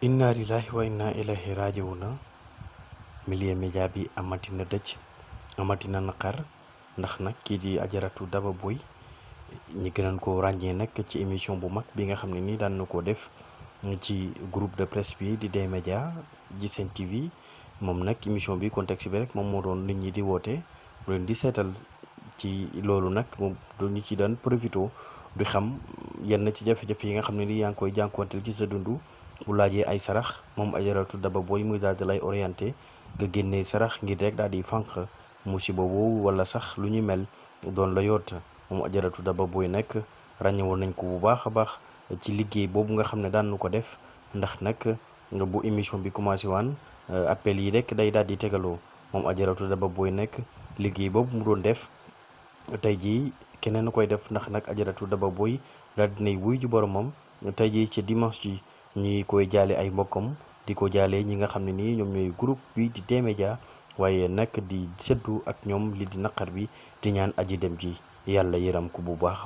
inna lillahi wa inna ilaihi raji'una milieu média bi na dëj amati na naqar ndax nag kii di ajaratu Daba Boye ñi gënoon ko ràññee nag ci émission bu mag bi nga xam ne nii daan na koo def ci groupe de presse bi di d média ji seen TV moom nag émission bi contexte bi rek moom moo doon nit ñi di woote mu leen di seetal ci loolu nag moom ñu ci daan profito du xam yenn ci jafe-jafe yi nga xam ne nii yaa ngi koy jànkuwanteel ci sa dund. bu laajee ay sarax moom ajaratu daba booy muy daal di lay orienté nga génnee sarax ngir rek daal di fànq musiba woowu wala sax lu ñu mel doon la yoot moom ajaratu daba booy nag ràññewoon nañ ko bu baax a baax ci liggéey boobu nga xam ne daan nu ko def ndax nag bu émission bi commencé waan appel yi rek day daal di tegaloo moom ajaratu daba booy nekk liggéey boobu mu doon def tey jii keneen koy def ndax nag ajaratu daba booy daal dinay wuy ju boromam tey jii ci dimanche ji ñi koy jaalee ay mbokkam di ko jaalee ñi nga xam ne nii ñoom ñooy groupe bi di D-Media waaye nag di seddu ak ñoom li di naqar bi di ñaan aji dem ji yàlla yëram ko bu baax.